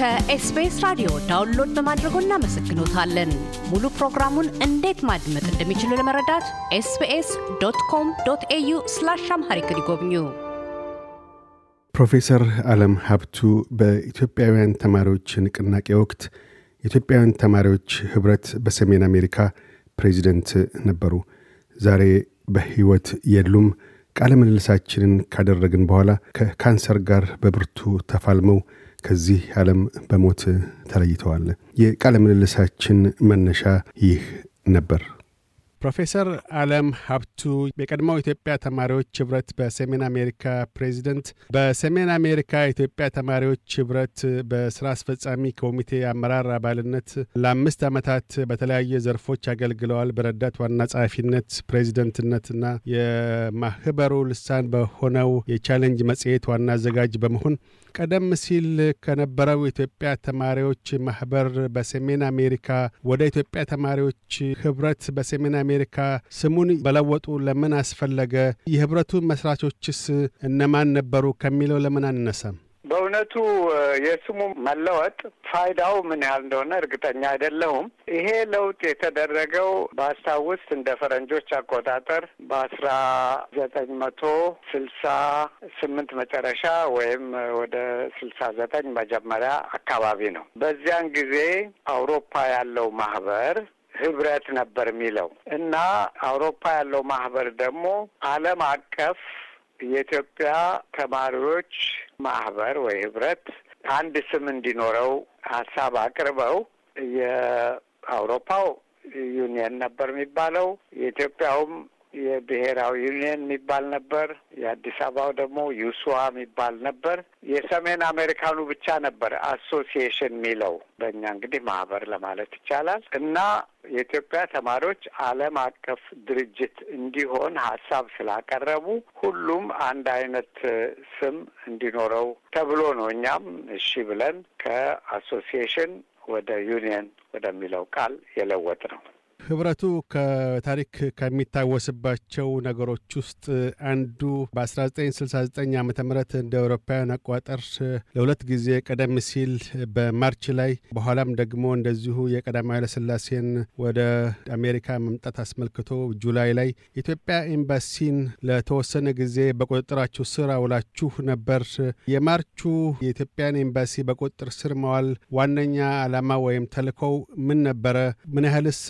ከኤስቢኤስ ራዲዮ ዳውንሎድ በማድረጎ እናመሰግኖታለን። ሙሉ ፕሮግራሙን እንዴት ማድመጥ እንደሚችሉ ለመረዳት ኤስቢኤስ ዶት ኮም ዶት ኤዩ ስላሽ አምሃሪክ ይጎብኙ። ፕሮፌሰር አለም ሀብቱ በኢትዮጵያውያን ተማሪዎች ንቅናቄ ወቅት የኢትዮጵያውያን ተማሪዎች ህብረት በሰሜን አሜሪካ ፕሬዚደንት ነበሩ። ዛሬ በህይወት የሉም። ቃለ ምልልሳችንን ካደረግን በኋላ ከካንሰር ጋር በብርቱ ተፋልመው ከዚህ ዓለም በሞት ተለይተዋል። የቃለ ምልልሳችን መነሻ ይህ ነበር። ፕሮፌሰር አለም ሀብቱ የቀድሞው ኢትዮጵያ ተማሪዎች ህብረት በሰሜን አሜሪካ ፕሬዚደንት፣ በሰሜን አሜሪካ ኢትዮጵያ ተማሪዎች ህብረት በስራ አስፈጻሚ ኮሚቴ አመራር አባልነት ለአምስት ዓመታት በተለያየ ዘርፎች አገልግለዋል። በረዳት ዋና ጸሐፊነት፣ ፕሬዚደንትነትና የማህበሩ ልሳን በሆነው የቻሌንጅ መጽሔት ዋና አዘጋጅ በመሆን ቀደም ሲል ከነበረው የኢትዮጵያ ተማሪዎች ማህበር በሰሜን አሜሪካ ወደ ኢትዮጵያ ተማሪዎች ህብረት በሰሜን አሜሪካ ስሙን በለወጡ ለምን አስፈለገ? የህብረቱ መስራቾችስ እነማን ነበሩ ከሚለው ለምን አነሳም? በእውነቱ የስሙ መለወጥ ፋይዳው ምን ያህል እንደሆነ እርግጠኛ አይደለሁም። ይሄ ለውጥ የተደረገው ባስታውስ እንደ ፈረንጆች አቆጣጠር በአስራ ዘጠኝ መቶ ስልሳ ስምንት መጨረሻ ወይም ወደ ስልሳ ዘጠኝ መጀመሪያ አካባቢ ነው። በዚያን ጊዜ አውሮፓ ያለው ማህበር ህብረት ነበር የሚለው እና አውሮፓ ያለው ማህበር ደግሞ ዓለም አቀፍ የኢትዮጵያ ተማሪዎች ማህበር ወይ ህብረት አንድ ስም እንዲኖረው ሀሳብ አቅርበው የአውሮፓው ዩኒየን ነበር የሚባለው የኢትዮጵያውም የብሔራዊ ዩኒየን የሚባል ነበር። የአዲስ አበባው ደግሞ ዩሱዋ የሚባል ነበር። የሰሜን አሜሪካኑ ብቻ ነበር አሶሲዬሽን የሚለው በእኛ እንግዲህ ማህበር ለማለት ይቻላል። እና የኢትዮጵያ ተማሪዎች ዓለም አቀፍ ድርጅት እንዲሆን ሀሳብ ስላቀረቡ ሁሉም አንድ አይነት ስም እንዲኖረው ተብሎ ነው። እኛም እሺ ብለን ከአሶሲዬሽን ወደ ዩኒየን ወደሚለው ቃል የለወጥ ነው። ህብረቱ ከታሪክ ከሚታወስባቸው ነገሮች ውስጥ አንዱ በ1969 ዓ ም እንደ አውሮፓውያን አቆጣጠር ለሁለት ጊዜ ቀደም ሲል በማርች ላይ በኋላም ደግሞ እንደዚሁ የቀዳማዊ ኃይለሥላሴን ወደ አሜሪካ መምጣት አስመልክቶ ጁላይ ላይ ኢትዮጵያ ኤምባሲን ለተወሰነ ጊዜ በቁጥጥራችሁ ስር አውላችሁ ነበር። የማርቹ የኢትዮጵያን ኤምባሲ በቁጥጥር ስር መዋል ዋነኛ ዓላማ ወይም ተልእኮው ምን ነበረ? ምን ያህልስ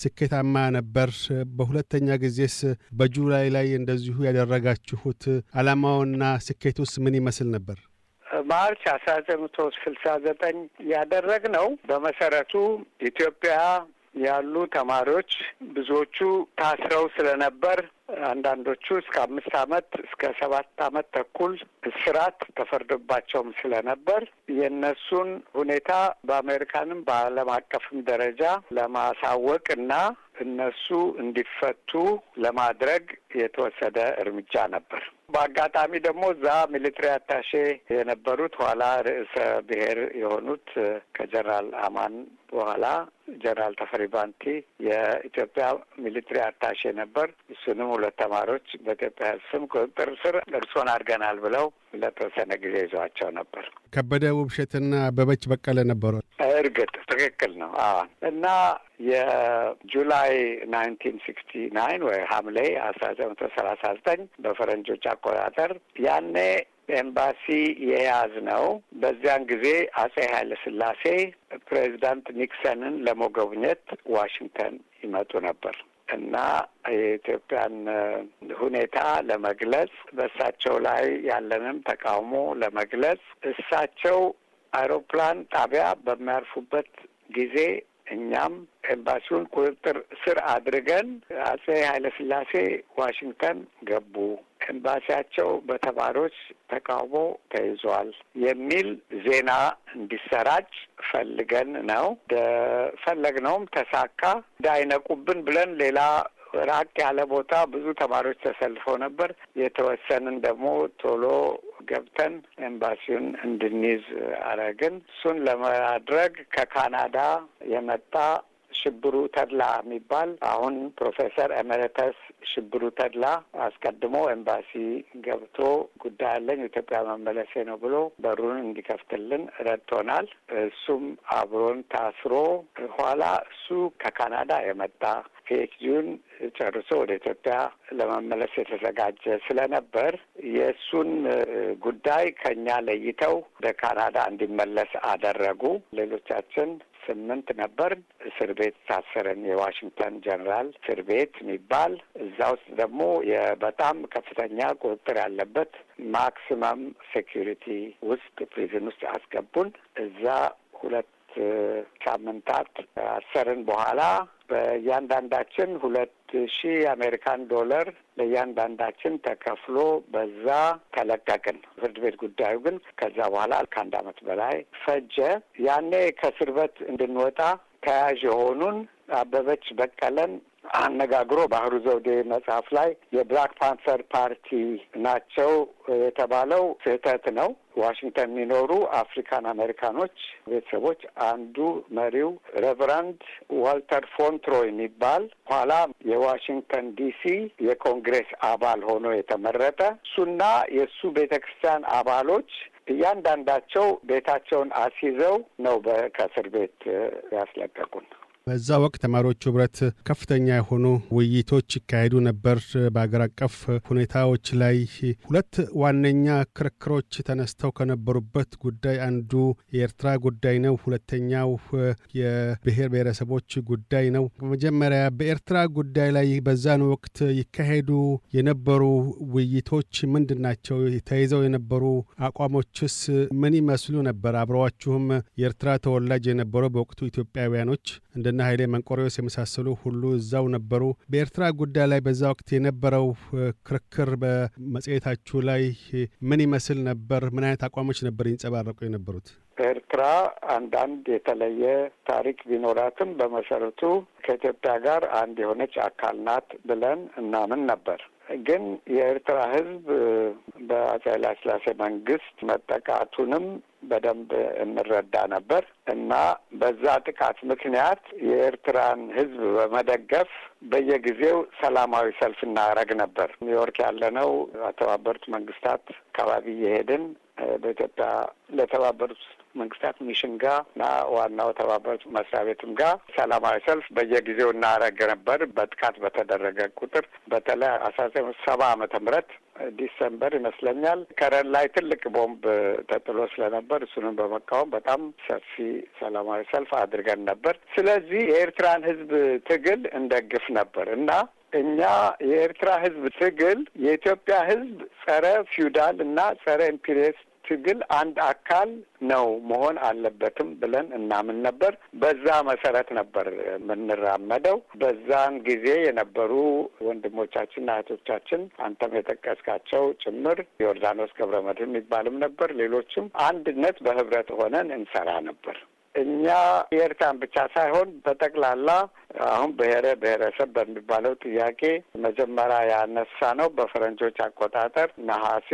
ስኬታማ ነበር። በሁለተኛ ጊዜስ በጁላይ ላይ እንደዚሁ ያደረጋችሁት ዓላማውና ስኬቱስ ምን ይመስል ነበር? ማርች አስራ ዘጠኝ መቶ ስልሳ ዘጠኝ ነው። በመሰረቱ ኢትዮጵያ ያሉ ተማሪዎች ብዙዎቹ ታስረው ስለነበር አንዳንዶቹ እስከ አምስት አመት እስከ ሰባት አመት ተኩል እስራት ተፈርዶባቸውም ስለነበር የእነሱን ሁኔታ በአሜሪካንም በዓለም አቀፍም ደረጃ ለማሳወቅ እና እነሱ እንዲፈቱ ለማድረግ የተወሰደ እርምጃ ነበር። በአጋጣሚ ደግሞ እዛ ሚሊትሪ አታሼ የነበሩት ኋላ ርዕሰ ብሔር የሆኑት ከጀነራል አማን በኋላ ጀነራል ተፈሪ ባንቲ የኢትዮጵያ ሚሊትሪ አታሼ ነበር። እሱንም ሁለት ተማሪዎች በኢትዮጵያ ስም ቁጥጥር ስር እርሶን አድርገናል ብለው ለተወሰነ ጊዜ ይዟቸው ነበር። ከበደ ውብሸትና አበበች በቀለ ነበሩ። እርግጥ ትክክል ነው። አዎ እና የጁላይ ናይንቲን ሲክስቲ ናይን ወይ ሐምሌ አስራ ዘጠኝ መቶ ሰላሳ ዘጠኝ በፈረንጆች አቆጣጠር ያኔ ኤምባሲ የያዝ ነው። በዚያን ጊዜ አጼ ኃይለ ስላሴ ፕሬዚዳንት ኒክሰንን ለመጎብኘት ዋሽንግተን ይመጡ ነበር እና የኢትዮጵያን ሁኔታ ለመግለጽ በእሳቸው ላይ ያለንም ተቃውሞ ለመግለጽ እሳቸው አውሮፕላን ጣቢያ በሚያርፉበት ጊዜ እኛም ኤምባሲውን ቁጥጥር ስር አድርገን አጼ ኃይለስላሴ ዋሽንግተን ገቡ፣ ኤምባሲያቸው በተማሪዎች ተቃውሞ ተይዟል የሚል ዜና እንዲሰራጭ ፈልገን ነው። ፈለግነውም ተሳካ። እንዳይነቁብን ብለን ሌላ ራቅ ያለ ቦታ ብዙ ተማሪዎች ተሰልፈው ነበር። የተወሰንን ደግሞ ቶሎ ገብተን ኤምባሲውን እንድንይዝ አረግን። እሱን ለማድረግ ከካናዳ የመጣ ሽብሩ ተድላ የሚባል አሁን ፕሮፌሰር ኤሜሬተስ ሽብሩ ተድላ አስቀድሞ ኤምባሲ ገብቶ ጉዳይ አለኝ ኢትዮጵያ መመለሴ ነው ብሎ በሩን እንዲከፍትልን ረድቶናል። እሱም አብሮን ታስሮ ኋላ እሱ ከካናዳ የመጣ ፒኤችዲውን ጨርሶ ወደ ኢትዮጵያ ለመመለስ የተዘጋጀ ስለነበር የእሱን ጉዳይ ከኛ ለይተው ወደ ካናዳ እንዲመለስ አደረጉ። ሌሎቻችን ስምንት ነበር እስር ቤት ታሰረን። የዋሽንግተን ጀነራል እስር ቤት የሚባል እዛ ውስጥ ደግሞ በጣም ከፍተኛ ቁጥጥር ያለበት ማክሲመም ሴኪሪቲ ውስጥ ፕሪዝን ውስጥ አስገቡን። እዛ ሁለት ሳምንታት አሰርን በኋላ በእያንዳንዳችን ሁለት ሺህ አሜሪካን ዶለር ለእያንዳንዳችን ተከፍሎ በዛ ተለቀቅን። ፍርድ ቤት ጉዳዩ ግን ከዛ በኋላ ከአንድ አመት በላይ ፈጀ። ያኔ ከእስር ቤት እንድንወጣ ተያዥ የሆኑን አበበች በቀለን አነጋግሮ ባህሩ ዘውዴ መጽሐፍ ላይ የብላክ ፓንሰር ፓርቲ ናቸው የተባለው ስህተት ነው። ዋሽንግተን የሚኖሩ አፍሪካን አሜሪካኖች ቤተሰቦች አንዱ መሪው ሬቨራንድ ዋልተር ፎንትሮ የሚባል ኋላ የዋሽንግተን ዲሲ የኮንግሬስ አባል ሆኖ የተመረጠ እሱና የእሱ ቤተ ክርስቲያን አባሎች እያንዳንዳቸው ቤታቸውን አስይዘው ነው ከእስር ቤት ያስለቀቁን። በዛ ወቅት ተማሪዎቹ ህብረት ከፍተኛ የሆኑ ውይይቶች ይካሄዱ ነበር በአገር አቀፍ ሁኔታዎች ላይ። ሁለት ዋነኛ ክርክሮች ተነስተው ከነበሩበት ጉዳይ አንዱ የኤርትራ ጉዳይ ነው። ሁለተኛው የብሔር ብሔረሰቦች ጉዳይ ነው። በመጀመሪያ በኤርትራ ጉዳይ ላይ በዛን ወቅት ይካሄዱ የነበሩ ውይይቶች ምንድን ናቸው? ተይዘው የነበሩ አቋሞችስ ምን ይመስሉ ነበር? አብረዋችሁም የኤርትራ ተወላጅ የነበረው በወቅቱ ኢትዮጵያውያኖች እንደነ ኃይሌ መንቆሪዎስ የመሳሰሉ ሁሉ እዛው ነበሩ። በኤርትራ ጉዳይ ላይ በዛ ወቅት የነበረው ክርክር በመጽሔታችሁ ላይ ምን ይመስል ነበር? ምን አይነት አቋሞች ነበር ይንጸባረቁ የነበሩት? ኤርትራ አንዳንድ የተለየ ታሪክ ቢኖራትም በመሰረቱ ከኢትዮጵያ ጋር አንድ የሆነች አካል ናት ብለን እናምን ነበር። ግን የኤርትራ ህዝብ በአጼ መንግስት መጠቃቱንም በደንብ እንረዳ ነበር እና በዛ ጥቃት ምክንያት የኤርትራን ህዝብ በመደገፍ በየጊዜው ሰላማዊ ሰልፍ እናረግ ነበር። ኒውዮርክ ያለነው የተባበሩት መንግስታት አካባቢ እየሄድን በኢትዮጵያ ለተባበሩት መንግስታት ሚሽን ጋር እና ዋናው ተባበሩት መስሪያ ቤትም ጋር ሰላማዊ ሰልፍ በየጊዜው እናረግ ነበር። በጥቃት በተደረገ ቁጥር በተለይ አስራ ዘጠኝ ሰባ አመተ ምህረት ዲሰምበር ይመስለኛል ከረን ላይ ትልቅ ቦምብ ተጥሎ ስለነበር እሱንም በመቃወም በጣም ሰፊ ሰላማዊ ሰልፍ አድርገን ነበር። ስለዚህ የኤርትራን ህዝብ ትግል እንደግፍ ነበር እና እኛ የኤርትራ ህዝብ ትግል የኢትዮጵያ ህዝብ ጸረ ፊውዳል እና ጸረ ኢምፒሪየስ ትግል አንድ አካል ነው መሆን አለበትም ብለን እናምን ነበር። በዛ መሰረት ነበር የምንራመደው። በዛን ጊዜ የነበሩ ና እህቶቻችን አንተም የጠቀስካቸው ጭምር ዮርዳኖስ ገብረመድህን የሚባልም ነበር፣ ሌሎችም አንድነት በህብረት ሆነን እንሰራ ነበር። እኛ የኤርትራን ብቻ ሳይሆን በጠቅላላ አሁን ብሔረ ብሔረሰብ በሚባለው ጥያቄ መጀመሪያ ያነሳ ነው በፈረንጆች አቆጣጠር ነሐሴ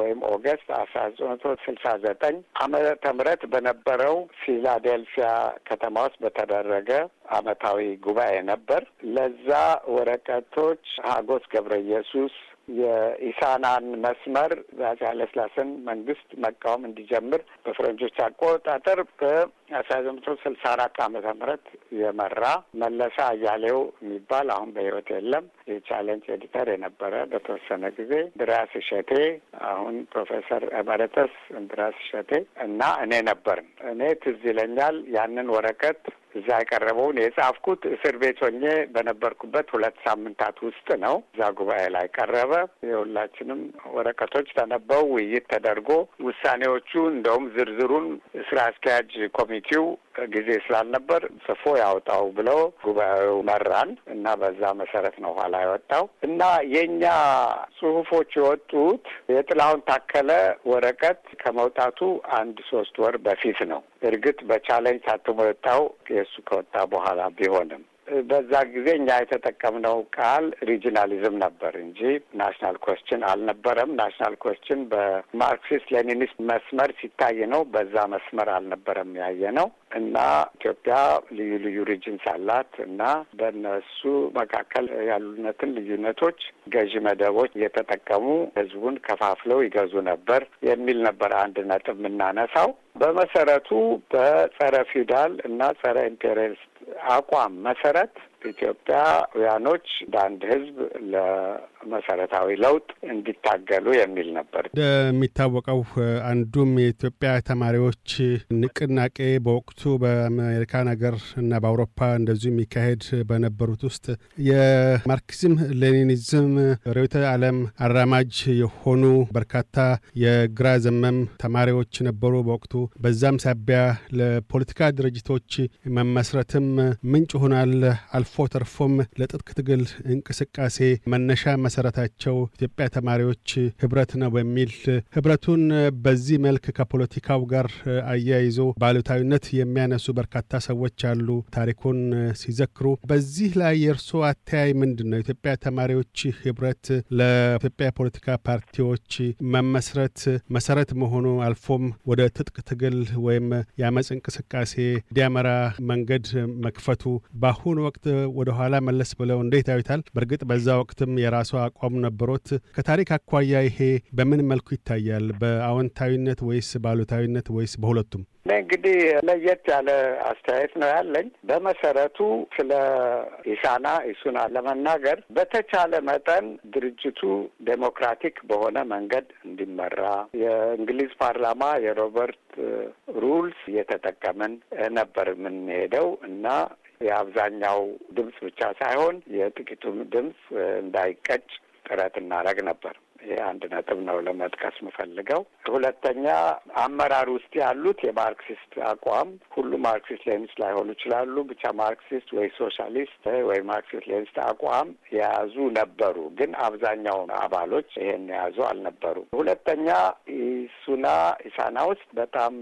ወይም ኦገስት አስራ ዘጠኝ መቶ ስልሳ ዘጠኝ አመተ ምህረት በነበረው ፊላዴልፊያ ከተማ ውስጥ በተደረገ አመታዊ ጉባኤ ነበር። ለዛ ወረቀቶች ሀጎስ ገብረ ኢየሱስ የኢሳናን መስመር በአፄ ኃይለስላሴን መንግስት መቃወም እንዲጀምር በፈረንጆች አቆጣጠር በአስራ ዘጠኝ መቶ ስልሳ አራት ዓመተ ምህረት የመራ መለሳ አያሌው የሚባል አሁን በህይወት የለም የቻለንጅ ኤዲተር የነበረ በተወሰነ ጊዜ እንድሪያስ እሸቴ አሁን ፕሮፌሰር ኤመረተስ እንድሪያስ እሸቴ እና እኔ ነበርን። እኔ ትዝ ይለኛል ያንን ወረቀት እዛ የቀረበውን የጻፍኩት እስር ቤት ሆኜ በነበርኩበት ሁለት ሳምንታት ውስጥ ነው። እዛ ጉባኤ ላይ ቀረበ። የሁላችንም ወረቀቶች ተነበው ውይይት ተደርጎ ውሳኔዎቹ እንደውም ዝርዝሩን ስራ አስኪያጅ ኮሚቴው ጊዜ ስላልነበር ጽፎ ያወጣው ብለው ጉባኤው መራን እና በዛ መሰረት ነው ኋላ የወጣው እና የእኛ ጽሁፎች የወጡት የጥላሁን ታከለ ወረቀት ከመውጣቱ አንድ ሶስት ወር በፊት ነው። እርግጥ በቻለኝ ታትሞ የወጣው የእሱ ከወጣ በኋላ ቢሆንም በዛ ጊዜ እኛ የተጠቀምነው ቃል ሪጂናሊዝም ነበር እንጂ ናሽናል ኮስችን አልነበረም። ናሽናል ኮስችን በማርክሲስት ሌኒኒስት መስመር ሲታይ ነው። በዛ መስመር አልነበረም ያየ ነው። እና ኢትዮጵያ ልዩ ልዩ ሪጅንስ አላት እና በእነሱ መካከል ያሉነትን ልዩነቶች ገዢ መደቦች እየተጠቀሙ ህዝቡን ከፋፍለው ይገዙ ነበር የሚል ነበር አንድ ነጥብ የምናነሳው። በመሰረቱ በጸረ ፊውዳል እና ጸረ ኢምፔሪያሊስት አቋም መሰረት ኢትዮጵያውያኖች እንደ አንድ ህዝብ ለ መሰረታዊ ለውጥ እንዲታገሉ የሚል ነበር። እንደሚታወቀው አንዱም የኢትዮጵያ ተማሪዎች ንቅናቄ በወቅቱ በአሜሪካን ነገር እና በአውሮፓ እንደዚሁ የሚካሄድ በነበሩት ውስጥ የማርክሲዝም ሌኒኒዝም ርዕዮተ ዓለም አራማጅ የሆኑ በርካታ የግራ ዘመም ተማሪዎች ነበሩ በወቅቱ። በዛም ሳቢያ ለፖለቲካ ድርጅቶች መመስረትም ምንጭ ሆናል። አልፎ ተርፎም ለትጥቅ ትግል እንቅስቃሴ መነሻ መሰረታቸው ኢትዮጵያ ተማሪዎች ህብረት ነው በሚል ህብረቱን በዚህ መልክ ከፖለቲካው ጋር አያይዞ ባሉታዊነት የሚያነሱ በርካታ ሰዎች አሉ ታሪኩን ሲዘክሩ። በዚህ ላይ የእርስዎ አተያይ ምንድን ነው? ኢትዮጵያ ተማሪዎች ህብረት ለኢትዮጵያ ፖለቲካ ፓርቲዎች መመስረት መሰረት መሆኑ አልፎም ወደ ትጥቅ ትግል ወይም የአመፅ እንቅስቃሴ እንዲያመራ መንገድ መክፈቱ በአሁኑ ወቅት ወደኋላ መለስ ብለው እንዴት ያዩታል? በእርግጥ በዛ ወቅትም የራሱ አቋም ነበሮት። ከታሪክ አኳያ ይሄ በምን መልኩ ይታያል? በአዎንታዊነት ወይስ በአሉታዊነት ወይስ በሁለቱም? እንግዲህ ለየት ያለ አስተያየት ነው ያለኝ። በመሰረቱ ስለ ኢሳና ኢሱና ለመናገር በተቻለ መጠን ድርጅቱ ዴሞክራቲክ በሆነ መንገድ እንዲመራ የእንግሊዝ ፓርላማ የሮበርት ሩልስ እየተጠቀምን ነበር የምንሄደው እና የአብዛኛው ድምፅ ብቻ ሳይሆን የጥቂቱም ድምፅ እንዳይቀጭ ጥረት እናደርግ ነበር። አንድ ነጥብ ነው ለመጥቀስ የምፈልገው። ሁለተኛ አመራር ውስጥ ያሉት የማርክሲስት አቋም ሁሉ ማርክሲስት ሌኒስት ላይሆኑ ይችላሉ፣ ብቻ ማርክሲስት ወይ ሶሻሊስት ወይ ማርክሲስት ሌኒስት አቋም የያዙ ነበሩ። ግን አብዛኛውን አባሎች ይሄን የያዙ አልነበሩም። ሁለተኛ ኢሱና ኢሳና ውስጥ በጣም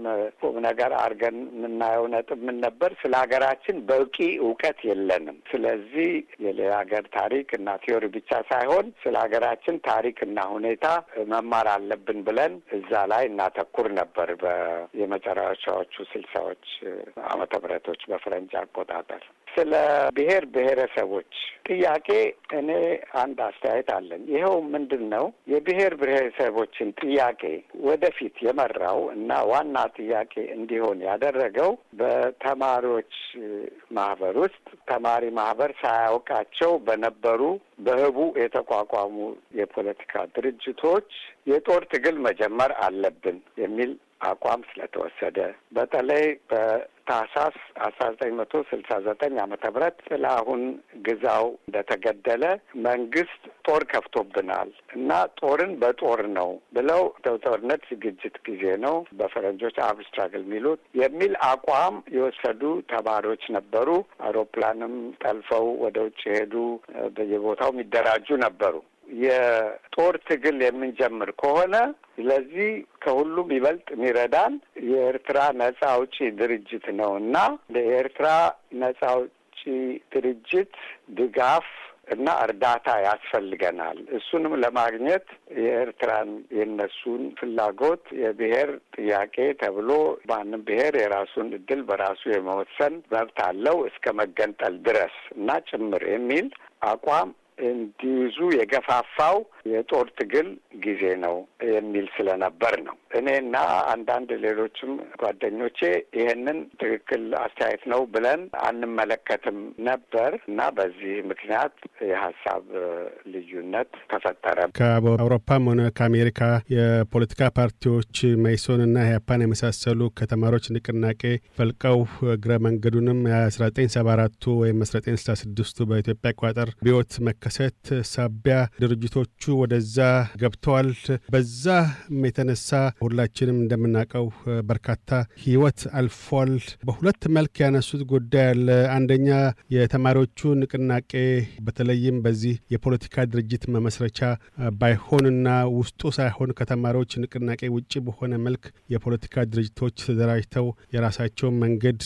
ቁም ነገር አድርገን የምናየው ነጥብ ምን ነበር? ስለ ሀገራችን በቂ እውቀት የለንም። ስለዚህ የሌላ ሀገር ታሪክ እና ቲዮሪ ብቻ ሳይሆን ስለ ሀገራችን ታሪክ እና ሁኔታ መማር አለብን ብለን እዛ ላይ እናተኩር ነበር በየመጨረሻዎቹ ስልሳዎች አመተ ምሕረቶች በፈረንጅ አቆጣጠር ስለ ብሔር ብሔረሰቦች ጥያቄ እኔ አንድ አስተያየት አለኝ። ይኸው ምንድን ነው የብሔር ብሔረሰቦችን ጥያቄ ወደፊት የመራው እና ዋና ጥያቄ እንዲሆን ያደረገው በተማሪዎች ማህበር ውስጥ ተማሪ ማህበር ሳያውቃቸው በነበሩ በህቡ የተቋቋሙ የፖለቲካ ድርጅቶች የጦር ትግል መጀመር አለብን የሚል አቋም ስለተወሰደ በተለይ ታህሳስ አስራ ዘጠኝ መቶ ስልሳ ዘጠኝ ዓመተ ምህረት ጥላሁን ግዛው እንደተገደለ መንግስት ጦር ከፍቶብናል እና ጦርን በጦር ነው ብለው ጦርነት ዝግጅት ጊዜ ነው በፈረንጆች አብ ስትራግል የሚሉት የሚል አቋም የወሰዱ ተማሪዎች ነበሩ። አውሮፕላንም ጠልፈው ወደ ውጭ ሄዱ። በየቦታው የሚደራጁ ነበሩ። የጦር ትግል የምንጀምር ከሆነ ስለዚህ ከሁሉም ይበልጥ የሚረዳን የኤርትራ ነጻ አውጪ ድርጅት ነው እና ለኤርትራ ነጻ አውጪ ድርጅት ድጋፍ እና እርዳታ ያስፈልገናል። እሱንም ለማግኘት የኤርትራን የነሱን ፍላጎት የብሔር ጥያቄ ተብሎ ማንም ብሔር የራሱን እድል በራሱ የመወሰን መብት አለው እስከ መገንጠል ድረስ እና ጭምር የሚል አቋም እንዲይዙ የገፋፋው የጦር ትግል ጊዜ ነው የሚል ስለነበር ነው። እኔና አንዳንድ ሌሎችም ጓደኞቼ ይህንን ትክክል አስተያየት ነው ብለን አንመለከትም ነበር እና በዚህ ምክንያት የሀሳብ ልዩነት ተፈጠረ። ከአውሮፓም ሆነ ከአሜሪካ የፖለቲካ ፓርቲዎች መይሶንና ኢህአፓን የመሳሰሉ ከተማሪዎች ንቅናቄ ፈልቀው እግረ መንገዱንም አስራ ዘጠኝ ሰባ አራቱ ወይም አስራ ዘጠኝ ስልሳ ስድስቱ በኢትዮጵያ አቆጣጠር ቢዮት መከሰት ሳቢያ ድርጅቶቹ ወደዛ ገብተዋል። በዛ የተነሳ ሁላችንም እንደምናውቀው በርካታ ህይወት አልፏል። በሁለት መልክ ያነሱት ጉዳይ አለ። አንደኛ የተማሪዎቹ ንቅናቄ በተለይም በዚህ የፖለቲካ ድርጅት መመስረቻ ባይሆንና ውስጡ ሳይሆን ከተማሪዎች ንቅናቄ ውጭ በሆነ መልክ የፖለቲካ ድርጅቶች ተደራጅተው የራሳቸውን መንገድ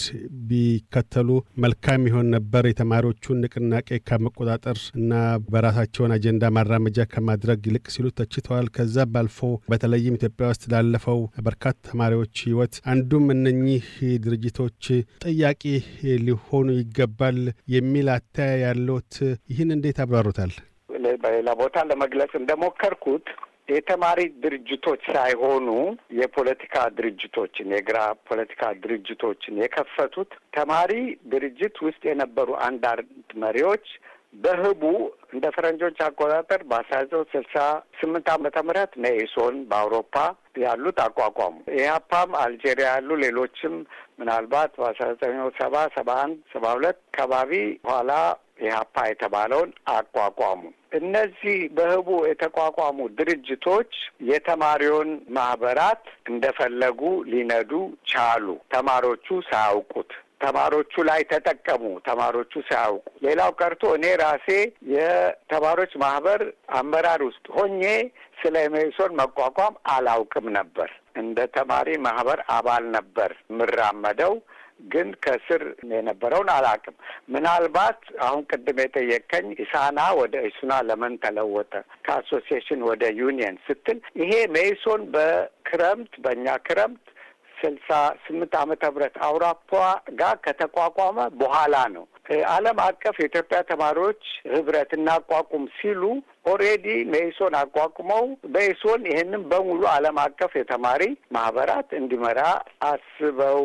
ቢከተሉ መልካም ይሆን ነበር። የተማሪዎቹን ንቅናቄ ከመቆጣጠር እና በራሳቸውን አጀንዳ ማራመጃ ከማድረግ ከማድረግ ይልቅ ሲሉ ተችተዋል። ከዛ አልፎ በተለይም ኢትዮጵያ ውስጥ ላለፈው በርካታ ተማሪዎች ህይወት አንዱም እነኚህ ድርጅቶች ጥያቄ ሊሆኑ ይገባል የሚል አታያ ያለዎት፣ ይህን እንዴት አብራሩታል? በሌላ ቦታ ለመግለጽ እንደሞከርኩት የተማሪ ድርጅቶች ሳይሆኑ የፖለቲካ ድርጅቶችን የግራ ፖለቲካ ድርጅቶችን የከፈቱት ተማሪ ድርጅት ውስጥ የነበሩ አንዳንድ መሪዎች በህቡ እንደ ፈረንጆች አቆጣጠር በአስራ ዘጠኝ ስልሳ ስምንት አመተ ምህረት መኢሶን በአውሮፓ ያሉት አቋቋሙ። ኢህአፓም አልጄሪያ ያሉ ሌሎችም ምናልባት በአስራ ዘጠኝ ሰባ ሰባ አንድ ሰባ ሁለት ከባቢ በኋላ ኢህአፓ የተባለውን አቋቋሙ። እነዚህ በህቡ የተቋቋሙ ድርጅቶች የተማሪውን ማህበራት እንደፈለጉ ሊነዱ ቻሉ፣ ተማሪዎቹ ሳያውቁት። ተማሪዎቹ ላይ ተጠቀሙ፣ ተማሪዎቹ ሳያውቁ። ሌላው ቀርቶ እኔ ራሴ የተማሪዎች ማህበር አመራር ውስጥ ሆኜ ስለ ሜሶን መቋቋም አላውቅም ነበር። እንደ ተማሪ ማህበር አባል ነበር የምራመደው ግን ከስር የነበረውን አላውቅም። ምናልባት አሁን ቅድም የጠየቀኝ ኢሳና ወደ ኢሱና ለምን ተለወጠ ከአሶሲሽን ወደ ዩኒየን ስትል ይሄ ሜይሶን በክረምት በእኛ ክረምት ስልሳ ስምንት አመተ ምህረት አውራፓ ጋር ከተቋቋመ በኋላ ነው ዓለም አቀፍ የኢትዮጵያ ተማሪዎች ህብረት እናቋቁም ሲሉ ኦሬዲ መኢሶን አቋቁመው መኢሶን ይህንም በሙሉ ዓለም አቀፍ የተማሪ ማህበራት እንዲመራ አስበው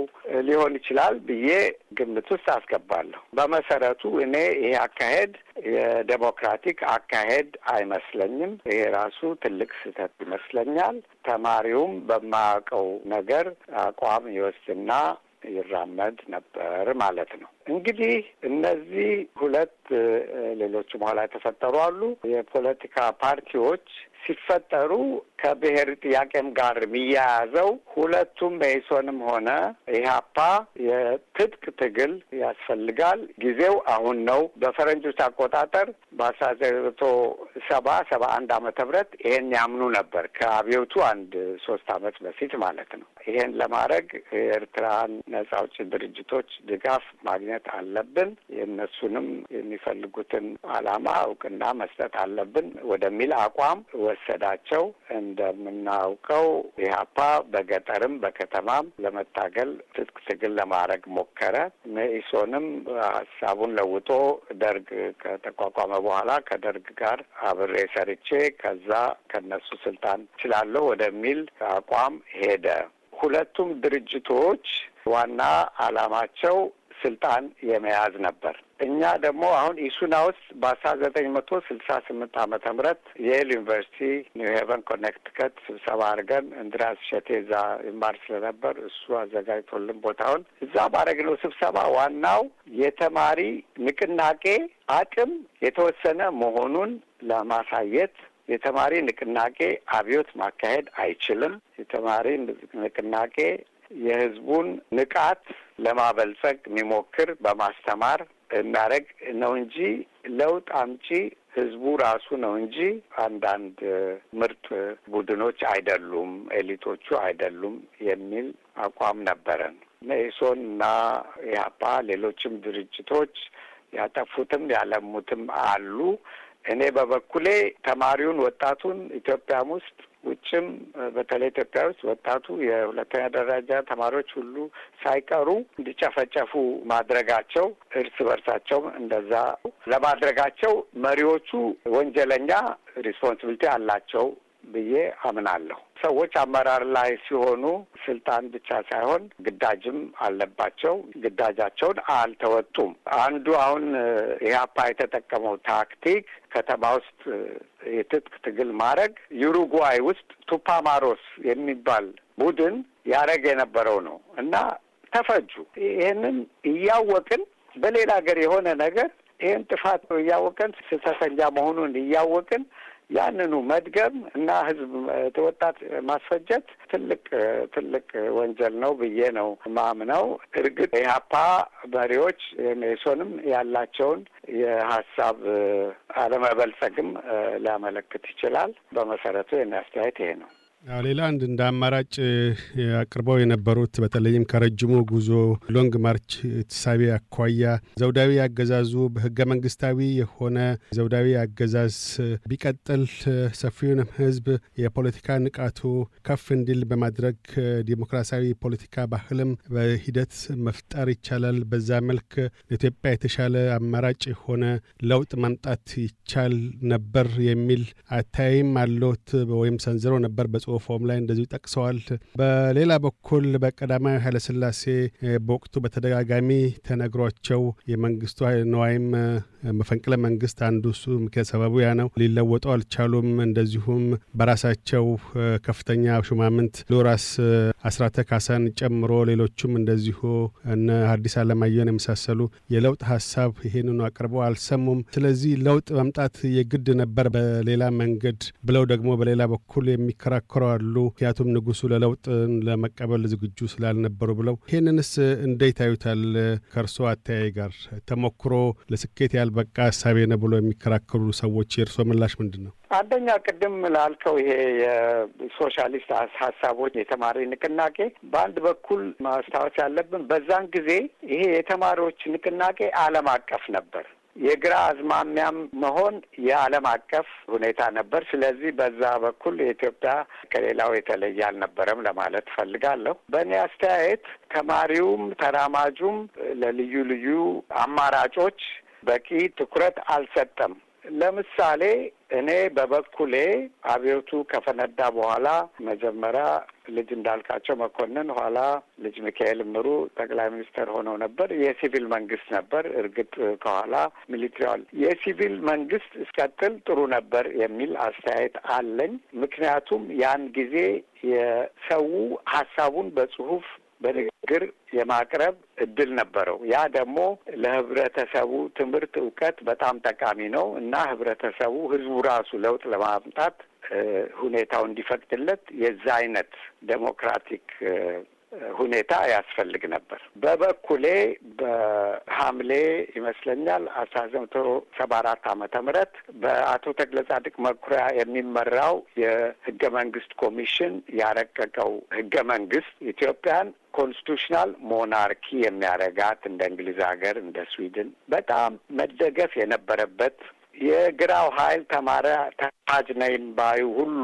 ሊሆን ይችላል ብዬ ግምት ውስጥ አስገባለሁ። በመሰረቱ እኔ ይሄ አካሄድ የዴሞክራቲክ አካሄድ አይመስለኝም። ይሄ ራሱ ትልቅ ስህተት ይመስለኛል። ተማሪውም በማያውቀው ነገር አቋም ይወስድና ይራመድ ነበር ማለት ነው። እንግዲህ እነዚህ ሁለት ሌሎቹ በኋላ የተፈጠሩ አሉ የፖለቲካ ፓርቲዎች ሲፈጠሩ ከብሔር ጥያቄም ጋር የሚያያዘው ሁለቱም መኢሶንም ሆነ ኢህአፓ የትጥቅ ትግል ያስፈልጋል። ጊዜው አሁን ነው። በፈረንጆች አቆጣጠር በአስራ ዘጠኝ መቶ ሰባ ሰባ አንድ አመተ ምህረት ይሄን ያምኑ ነበር። ከአብዮቱ አንድ ሶስት ዓመት በፊት ማለት ነው። ይሄን ለማድረግ የኤርትራን ነጻ አውጪ ድርጅቶች ድጋፍ ማግኘት አለብን፣ የእነሱንም የሚፈልጉትን አላማ እውቅና መስጠት አለብን ወደሚል አቋም ወሰዳቸው። እንደምናውቀው ኢህአፓ በገጠርም በከተማም ለመታገል ትጥቅ ትግል ለማድረግ ሞከረ። መኢሶንም ሀሳቡን ለውጦ ደርግ ከተቋቋመ በኋላ ከደርግ ጋር አብሬ ሰርቼ ከዛ ከነሱ ስልጣን ችላለሁ ወደሚል አቋም ሄደ። ሁለቱም ድርጅቶች ዋና አላማቸው ስልጣን የመያዝ ነበር። እኛ ደግሞ አሁን ኢሱና ውስጥ በአስራ ዘጠኝ መቶ ስልሳ ስምንት አመተ ምህረት የኤል ዩኒቨርሲቲ ኒው ሄቨን ኮኔክትከት ስብሰባ አድርገን እንድራስ ሸቴ እዛ ይማር ስለነበር እሱ አዘጋጅቶልን ቦታውን እዛ ባረግነው ስብሰባ ዋናው የተማሪ ንቅናቄ አቅም የተወሰነ መሆኑን ለማሳየት የተማሪ ንቅናቄ አብዮት ማካሄድ አይችልም። የተማሪ ንቅናቄ የህዝቡን ንቃት ለማበልጸግ የሚሞክር በማስተማር እናረግ ነው እንጂ ለውጥ አምጪ ህዝቡ ራሱ ነው እንጂ አንዳንድ ምርጥ ቡድኖች አይደሉም፣ ኤሊቶቹ አይደሉም የሚል አቋም ነበረን። መኢሶን እና ኢህአፓ ሌሎችም ድርጅቶች ያጠፉትም ያለሙትም አሉ። እኔ በበኩሌ ተማሪውን፣ ወጣቱን ኢትዮጵያም ውስጥ ውጭም በተለይ ኢትዮጵያ ውስጥ ወጣቱ የሁለተኛ ደረጃ ተማሪዎች ሁሉ ሳይቀሩ እንዲጨፈጨፉ ማድረጋቸው እርስ በርሳቸው እንደዛ ለማድረጋቸው መሪዎቹ ወንጀለኛ ሪስፖንሲቢሊቲ አላቸው ብዬ አምናለሁ። ሰዎች አመራር ላይ ሲሆኑ ስልጣን ብቻ ሳይሆን ግዳጅም አለባቸው። ግዳጃቸውን አልተወጡም። አንዱ አሁን ኢህአፓ የተጠቀመው ታክቲክ ከተማ ውስጥ የትጥቅ ትግል ማድረግ ዩሩጓይ ውስጥ ቱፓማሮስ የሚባል ቡድን ያደረግ የነበረው ነው እና ተፈጁ። ይህንን እያወቅን በሌላ ሀገር የሆነ ነገር ይህን ጥፋት እያወቅን ስህተተኛ መሆኑን እያወቅን ያንኑ መድገም እና ህዝብ ወጣት ማስፈጀት ትልቅ ትልቅ ወንጀል ነው ብዬ ነው ማምነው። እርግጥ የሀፓ መሪዎች ሜሶንም ያላቸውን የሀሳብ አለመበልጸግም ሊያመለክት ይችላል። በመሰረቱ የሚያስተያየት ይሄ ነው። አዎ ሌላ አንድ እንደ አማራጭ አቅርበው የነበሩት በተለይም ከረጅሙ ጉዞ ሎንግ ማርች እሳቤ አኳያ ዘውዳዊ አገዛዙ በህገ መንግስታዊ የሆነ ዘውዳዊ አገዛዝ ቢቀጥል ሰፊውን ህዝብ የፖለቲካ ንቃቱ ከፍ እንዲል በማድረግ ዲሞክራሲያዊ ፖለቲካ ባህልም በሂደት መፍጠር ይቻላል። በዛ መልክ ለኢትዮጵያ የተሻለ አማራጭ የሆነ ለውጥ ማምጣት ይቻል ነበር የሚል አታይም አለት ወይም ሰንዝረው ነበር በጽ ፎርም ላይ እንደዚሁ ጠቅሰዋል። በሌላ በኩል በቀዳማዊ ኃይለሥላሴ በወቅቱ በተደጋጋሚ ተነግሯቸው የመንግስቱ ነዋይም መፈንቅለ መንግስት አንዱ እሱ ምክንያት ሰበቡ ያ ነው። ሊለወጡ አልቻሉም። እንደዚሁም በራሳቸው ከፍተኛ ሹማምንት ሎራስ አስራተ ካሳን ጨምሮ ሌሎቹም እንደዚሁ እነ ሐዲስ ዓለማየሁን የመሳሰሉ የለውጥ ሀሳብ ይሄንኑ አቅርበው አልሰሙም። ስለዚህ ለውጥ መምጣት የግድ ነበር በሌላ መንገድ ብለው ደግሞ በሌላ በኩል የሚከራከሩ ሞክረዋሉ። ምክንያቱም ንጉሱ ለለውጥን ለመቀበል ዝግጁ ስላልነበሩ ብለው ይህንንስ እንዴት ያዩታል? ከእርሶ አተያይ ጋር ተሞክሮ ለስኬት ያልበቃ ሀሳቤ ነው ብሎ የሚከራከሩ ሰዎች የእርሶ ምላሽ ምንድን ነው? አንደኛ ቅድም ላልከው ይሄ የሶሻሊስት ሀሳቦች የተማሪ ንቅናቄ በአንድ በኩል ማስታወስ ያለብን በዛን ጊዜ ይሄ የተማሪዎች ንቅናቄ ዓለም አቀፍ ነበር። የግራ አዝማሚያም መሆን የዓለም አቀፍ ሁኔታ ነበር። ስለዚህ በዛ በኩል የኢትዮጵያ ከሌላው የተለየ አልነበረም ለማለት ፈልጋለሁ። በእኔ አስተያየት ተማሪውም ተራማጁም ለልዩ ልዩ አማራጮች በቂ ትኩረት አልሰጠም። ለምሳሌ እኔ በበኩሌ አብዮቱ ከፈነዳ በኋላ መጀመሪያ ልጅ እንዳልካቸው መኮንን ኋላ ልጅ ሚካኤል ምሩ ጠቅላይ ሚኒስትር ሆነው ነበር። የሲቪል መንግስት ነበር። እርግጥ ከኋላ ሚሊትሪዋል የሲቪል መንግስት እስቀጥል ጥሩ ነበር የሚል አስተያየት አለኝ። ምክንያቱም ያን ጊዜ የሰው ሀሳቡን በጽሁፍ በንግግር የማቅረብ እድል ነበረው። ያ ደግሞ ለህብረተሰቡ ትምህርት፣ እውቀት በጣም ጠቃሚ ነው እና ህብረተሰቡ ህዝቡ ራሱ ለውጥ ለማምጣት ሁኔታው እንዲፈቅድለት የዛ አይነት ዴሞክራቲክ ሁኔታ ያስፈልግ ነበር። በበኩሌ በሐምሌ ይመስለኛል አስራ ዘጠኝ መቶ ሰባ አራት ዓመተ ምህረት በአቶ ተክለጻድቅ መኩሪያ የሚመራው የህገ መንግስት ኮሚሽን ያረቀቀው ህገ መንግስት ኢትዮጵያን ኮንስቲቱሽናል ሞናርኪ የሚያረጋት እንደ እንግሊዝ ሀገር እንደ ስዊድን በጣም መደገፍ የነበረበት የግራው ኃይል ተማረ ተፋጅ ነኝ ባዩ ሁሉ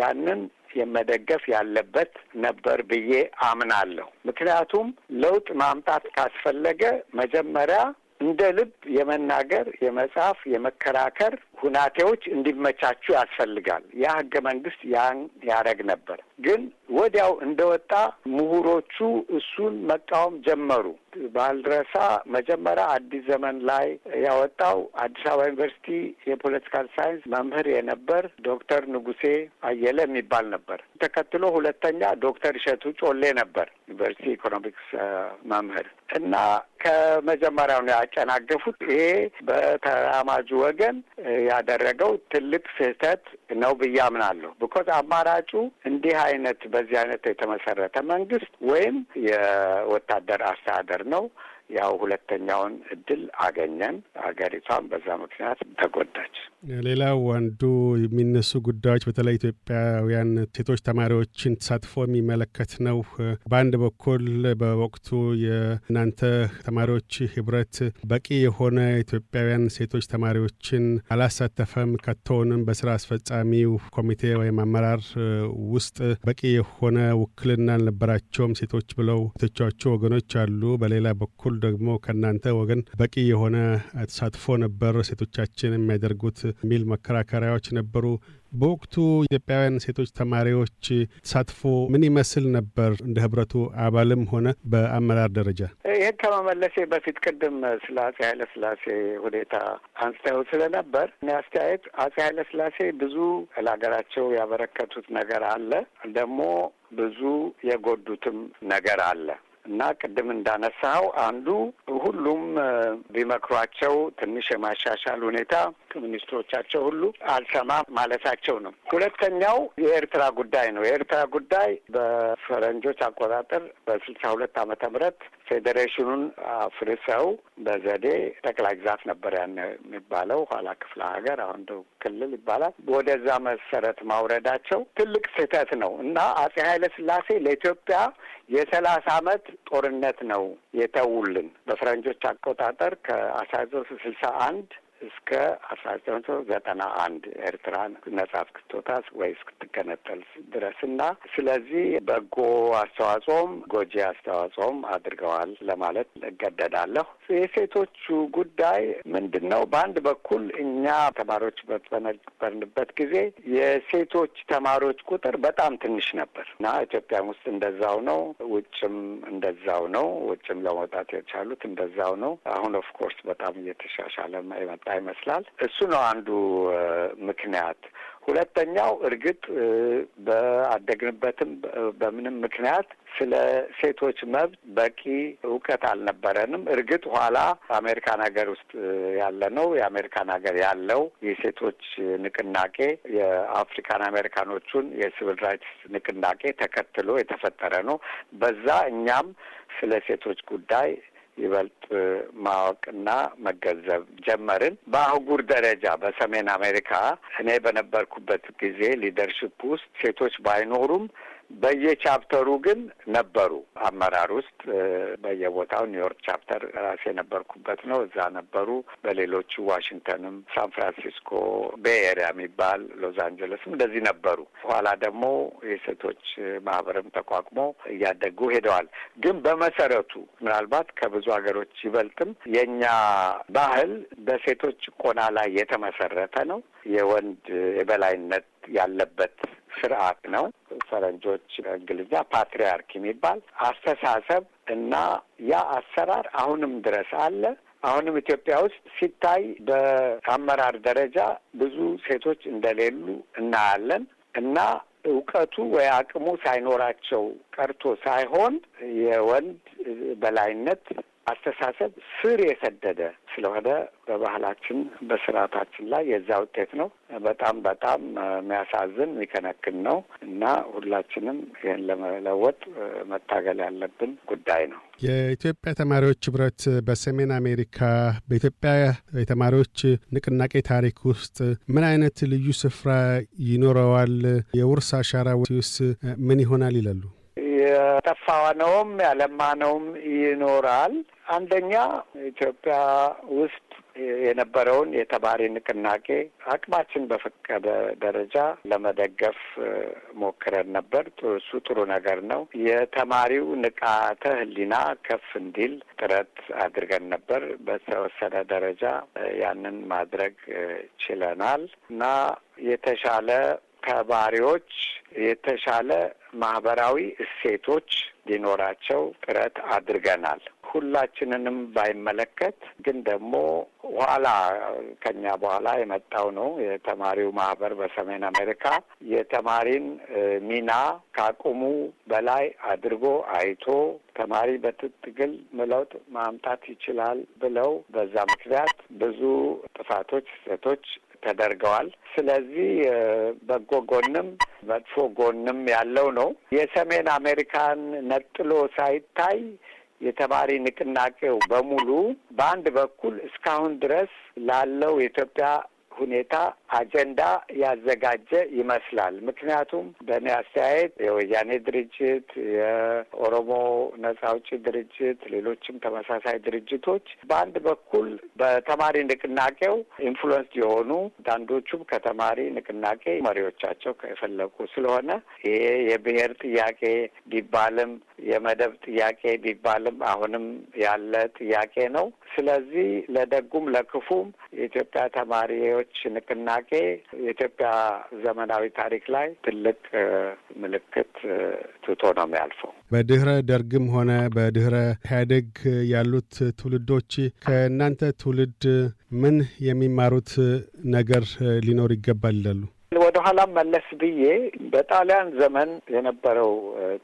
ያንን የመደገፍ ያለበት ነበር ብዬ አምናለሁ። ምክንያቱም ለውጥ ማምጣት ካስፈለገ መጀመሪያ እንደ ልብ የመናገር፣ የመጻፍ፣ የመከራከር ሁናቴዎች እንዲመቻቹ ያስፈልጋል። ያ ህገ መንግስት ያን ያደረግ ነበር። ግን ወዲያው እንደወጣ ምሁሮቹ እሱን መቃወም ጀመሩ። ባልረሳ መጀመሪያ አዲስ ዘመን ላይ ያወጣው አዲስ አበባ ዩኒቨርሲቲ የፖለቲካል ሳይንስ መምህር የነበር ዶክተር ንጉሴ አየለ የሚባል ነበር። ተከትሎ ሁለተኛ ዶክተር እሸቱ ጮሌ ነበር ዩኒቨርሲቲ ኢኮኖሚክስ መምህር እና ከመጀመሪያው ነው ያጨናገፉት። ይሄ በተራማጁ ወገን ያደረገው ትልቅ ስህተት ነው ብዬ አምናለሁ። ቢኮዝ አማራጩ እንዲህ አይነት በዚህ አይነት የተመሰረተ መንግስት ወይም የወታደር አስተዳደር ነው ያው ሁለተኛውን እድል አገኘን። ሀገሪቷን በዛ ምክንያት ተጎዳች። ሌላው አንዱ የሚነሱ ጉዳዮች በተለይ ኢትዮጵያውያን ሴቶች ተማሪዎችን ተሳትፎ የሚመለከት ነው። በአንድ በኩል በወቅቱ የእናንተ ተማሪዎች ህብረት በቂ የሆነ ኢትዮጵያውያን ሴቶች ተማሪዎችን አላሳተፈም፣ ከቶውንም በስራ አስፈጻሚው ኮሚቴ ወይም አመራር ውስጥ በቂ የሆነ ውክልና አልነበራቸውም ሴቶች ብለው የተቿቸው ወገኖች አሉ። በሌላ በኩል በኩል ደግሞ ከእናንተ ወገን በቂ የሆነ ተሳትፎ ነበር ሴቶቻችን የሚያደርጉት የሚል መከራከሪያዎች ነበሩ። በወቅቱ ኢትዮጵያውያን ሴቶች ተማሪዎች ተሳትፎ ምን ይመስል ነበር? እንደ ህብረቱ አባልም ሆነ በአመራር ደረጃ። ይህን ከመመለሴ በፊት ቅድም ስለ አጼ ኃይለ ስላሴ ሁኔታ አንስተው ስለነበር እኔ አስተያየት አጼ ኃይለ ስላሴ ብዙ ለሀገራቸው ያበረከቱት ነገር አለ፣ ደግሞ ብዙ የጎዱትም ነገር አለ። እና ቅድም እንዳነሳው አንዱ ሁሉም ቢመክሯቸው ትንሽ የማሻሻል ሁኔታ ሚኒስትሮቻቸው ሁሉ አልሰማም ማለታቸው ነው። ሁለተኛው የኤርትራ ጉዳይ ነው። የኤርትራ ጉዳይ በፈረንጆች አቆጣጠር በስልሳ ሁለት ዓመተ ምህረት ፌዴሬሽኑን አፍርሰው በዘዴ ጠቅላይ ግዛት ነበር ያን የሚባለው ኋላ ክፍለ ሀገር አሁን ደቡብ ክልል ይባላል። ወደዛ መሰረት ማውረዳቸው ትልቅ ስህተት ነው እና አጼ ኃይለ ስላሴ ለኢትዮጵያ የሰላሳ አመት ጦርነት ነው የተውልን በፈረንጆች አቆጣጠር ከአስራ ዘጠኝ ስልሳ አንድ እስከ አስራ ዘጠኝ መቶ ዘጠና አንድ ኤርትራን ነጻ እስክትወጣ ወይ እስክትገነጠል ድረስ እና ስለዚህ በጎ አስተዋጽኦም ጎጂ አስተዋጽኦም አድርገዋል ለማለት እገደዳለሁ። የሴቶቹ ጉዳይ ምንድን ነው? በአንድ በኩል እኛ ተማሪዎች በነበርንበት ጊዜ የሴቶች ተማሪዎች ቁጥር በጣም ትንሽ ነበር እና ኢትዮጵያም ውስጥ እንደዛው ነው፣ ውጭም እንደዛው ነው። ውጭም ለመውጣት የቻሉት እንደዛው ነው። አሁን ኦፍኮርስ በጣም እየተሻሻለ የመጣ ይመስላል። እሱ ነው አንዱ ምክንያት። ሁለተኛው እርግጥ በአደግንበትም በምንም ምክንያት ስለ ሴቶች መብት በቂ እውቀት አልነበረንም። እርግጥ ኋላ አሜሪካን ሀገር ውስጥ ያለ ነው የአሜሪካን ሀገር ያለው የሴቶች ንቅናቄ የአፍሪካን አሜሪካኖቹን የሲቪል ራይትስ ንቅናቄ ተከትሎ የተፈጠረ ነው። በዛ እኛም ስለ ሴቶች ጉዳይ ይበልጥ ማወቅና መገንዘብ ጀመርን። በአህጉር ደረጃ በሰሜን አሜሪካ እኔ በነበርኩበት ጊዜ ሊደርሽፕ ውስጥ ሴቶች ባይኖሩም በየቻፕተሩ ግን ነበሩ አመራር ውስጥ በየቦታው ኒውዮርክ ቻፕተር ራሴ የነበርኩበት ነው። እዛ ነበሩ። በሌሎቹ ዋሽንግተንም፣ ሳን ፍራንሲስኮ፣ ቤኤሪያ የሚባል ሎስ አንጀለስም እንደዚህ ነበሩ። ኋላ ደግሞ የሴቶች ማህበርም ተቋቁሞ እያደጉ ሄደዋል። ግን በመሰረቱ ምናልባት ከብዙ ሀገሮች ይበልጥም የእኛ ባህል በሴቶች ቆና ላይ የተመሰረተ ነው። የወንድ የበላይነት ያለበት ስርዓት ነው። ፈረንጆች በእንግሊዝኛ ፓትሪያርክ የሚባል አስተሳሰብ እና ያ አሰራር አሁንም ድረስ አለ። አሁንም ኢትዮጵያ ውስጥ ሲታይ በአመራር ደረጃ ብዙ ሴቶች እንደሌሉ እናያለን እና እውቀቱ ወይ አቅሙ ሳይኖራቸው ቀርቶ ሳይሆን የወንድ በላይነት አስተሳሰብ ስር የሰደደ ስለሆነ በባህላችን በስርዓታችን ላይ የዛ ውጤት ነው። በጣም በጣም የሚያሳዝን የሚከነክን ነው እና ሁላችንም ይህን ለመለወጥ መታገል ያለብን ጉዳይ ነው። የኢትዮጵያ ተማሪዎች ህብረት በሰሜን አሜሪካ በኢትዮጵያ የተማሪዎች ንቅናቄ ታሪክ ውስጥ ምን አይነት ልዩ ስፍራ ይኖረዋል? የውርስ አሻራ ውስ ምን ይሆናል ይላሉ። የጠፋነውም ያለማነውም ይኖራል። አንደኛ ኢትዮጵያ ውስጥ የነበረውን የተማሪ ንቅናቄ አቅማችን በፈቀደ ደረጃ ለመደገፍ ሞክረን ነበር። እሱ ጥሩ ነገር ነው። የተማሪው ንቃተ ሕሊና ከፍ እንዲል ጥረት አድርገን ነበር። በተወሰነ ደረጃ ያንን ማድረግ ችለናል እና የተሻለ ተማሪዎች የተሻለ ማህበራዊ እሴቶች ሊኖራቸው ጥረት አድርገናል። ሁላችንንም ባይመለከት ግን ደግሞ ኋላ ከኛ በኋላ የመጣው ነው የተማሪው ማህበር በሰሜን አሜሪካ የተማሪን ሚና ከአቅሙ በላይ አድርጎ አይቶ ተማሪ በትግል ለውጥ ማምጣት ይችላል ብለው በዛ ምክንያት ብዙ ጥፋቶች፣ ስህተቶች ተደርገዋል። ስለዚህ በጎ ጎንም መጥፎ ጎንም ያለው ነው። የሰሜን አሜሪካን ነጥሎ ሳይታይ የተማሪ ንቅናቄው በሙሉ በአንድ በኩል እስካሁን ድረስ ላለው የኢትዮጵያ ሁኔታ አጀንዳ ያዘጋጀ ይመስላል። ምክንያቱም በእኔ አስተያየት የወያኔ ድርጅት፣ የኦሮሞ ነጻ አውጪ ድርጅት፣ ሌሎችም ተመሳሳይ ድርጅቶች በአንድ በኩል በተማሪ ንቅናቄው ኢንፍሉዌንስ የሆኑ አንዳንዶቹም ከተማሪ ንቅናቄ መሪዎቻቸው የፈለቁ ስለሆነ ይሄ የብሔር ጥያቄ ቢባልም የመደብ ጥያቄ ቢባልም አሁንም ያለ ጥያቄ ነው። ስለዚህ ለደጉም ለክፉም የኢትዮጵያ ተማሪዎች ንቅናቄ ጥያቄ የኢትዮጵያ ዘመናዊ ታሪክ ላይ ትልቅ ምልክት ትቶ ነው የሚያልፈው። በድህረ ደርግም ሆነ በድህረ ኢህአዴግ ያሉት ትውልዶች ከእናንተ ትውልድ ምን የሚማሩት ነገር ሊኖር ይገባል ይላሉ? ወደ ኋላም መለስ ብዬ በጣሊያን ዘመን የነበረው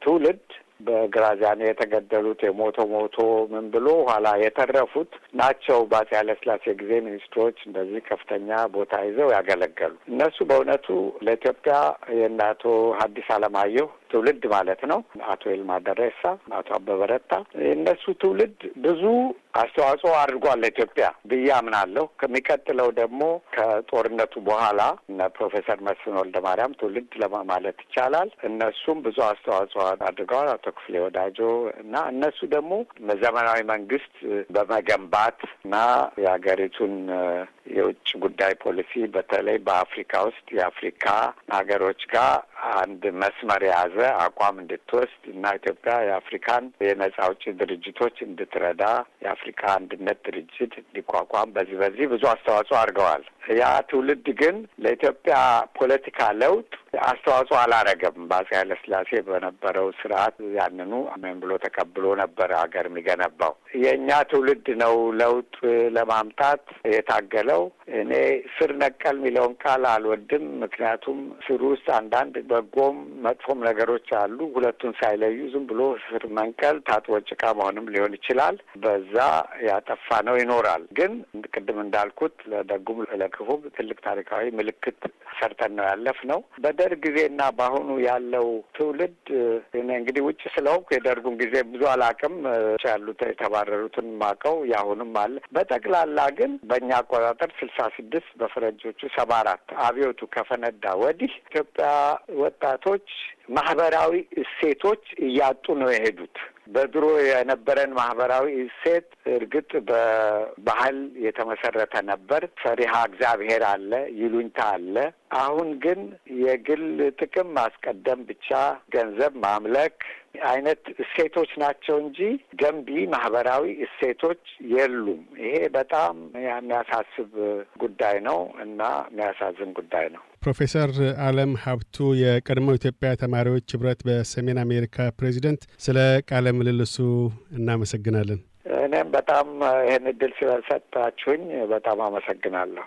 ትውልድ በግራዛኔ የተገደሉት የሞቶ ሞቶ ምን ብሎ ኋላ የተረፉት ናቸው። በአፄ ኃይለስላሴ ጊዜ ሚኒስትሮች እንደዚህ ከፍተኛ ቦታ ይዘው ያገለገሉ እነሱ በእውነቱ ለኢትዮጵያ የእነ አቶ ሐዲስ ዓለማየሁ ትውልድ ማለት ነው። አቶ ይልማ ደረሳ፣ አቶ አበበ ረታ የእነሱ ትውልድ ብዙ አስተዋጽኦ አድርጓል ለኢትዮጵያ ብዬ አምናለሁ። ከሚቀጥለው ደግሞ ከጦርነቱ በኋላ እነ ፕሮፌሰር መስፍን ወልደማርያም ትውልድ ለማለት ይቻላል እነሱም ብዙ አስተዋጽኦ አድርገዋል። አቶ ክፍሌ ወዳጆ እና እነሱ ደግሞ ዘመናዊ መንግስት በመገንባት እና የሀገሪቱን የውጭ ጉዳይ ፖሊሲ በተለይ በአፍሪካ ውስጥ የአፍሪካ ሀገሮች ጋር አንድ መስመር የያዘ አቋም እንድትወስድ እና ኢትዮጵያ የአፍሪካን የነጻ አውጪ ድርጅቶች እንድትረዳ የአፍሪካ አንድነት ድርጅት እንዲቋቋም በዚህ በዚህ ብዙ አስተዋጽኦ አድርገዋል። ያ ትውልድ ግን ለኢትዮጵያ ፖለቲካ ለውጥ አስተዋጽኦ አላረገም። በአፄ ኃይለ ሥላሴ በነበረው ስርዓት ያንኑ አሜን ብሎ ተቀብሎ ነበር ሀገር የሚገነባው። የእኛ ትውልድ ነው ለውጥ ለማምጣት የታገለው። እኔ ስር ነቀል የሚለውን ቃል አልወድም። ምክንያቱም ስር ውስጥ አንዳንድ በጎም መጥፎም ነገሮች አሉ። ሁለቱን ሳይለዩ ዝም ብሎ ስር መንቀል ታጥቦ ጭቃ መሆንም ሊሆን ይችላል። በዛ ያጠፋ ነው ይኖራል። ግን ቅድም እንዳልኩት ለደጉም ክፉም ትልቅ ታሪካዊ ምልክት ሰርተን ነው ያለፍ ነው። በደርግ ጊዜና በአሁኑ ያለው ትውልድ እኔ እንግዲህ ውጭ ስለሆንኩ የደርጉን ጊዜ ብዙ አላቅም ያሉት የተባረሩትን ማቀው የአሁንም አለ። በጠቅላላ ግን በእኛ አቆጣጠር ስልሳ ስድስት በፈረንጆቹ ሰባ አራት አብዮቱ ከፈነዳ ወዲህ ኢትዮጵያ ወጣቶች ማህበራዊ እሴቶች እያጡ ነው የሄዱት። በድሮ የነበረን ማህበራዊ እሴት እርግጥ በባህል የተመሰረተ ነበር። ፈሪሃ እግዚአብሔር አለ፣ ይሉኝታ አለ። አሁን ግን የግል ጥቅም ማስቀደም ብቻ፣ ገንዘብ ማምለክ አይነት እሴቶች ናቸው እንጂ ገንቢ ማህበራዊ እሴቶች የሉም። ይሄ በጣም የሚያሳስብ ጉዳይ ነው እና የሚያሳዝን ጉዳይ ነው። ፕሮፌሰር አለም ሀብቱ የቀድሞ ኢትዮጵያ ተማሪዎች ህብረት በሰሜን አሜሪካ ፕሬዚደንት፣ ስለ ቃለ ምልልሱ እናመሰግናለን። እኔም በጣም ይህን እድል ስለሰጣችሁኝ በጣም አመሰግናለሁ።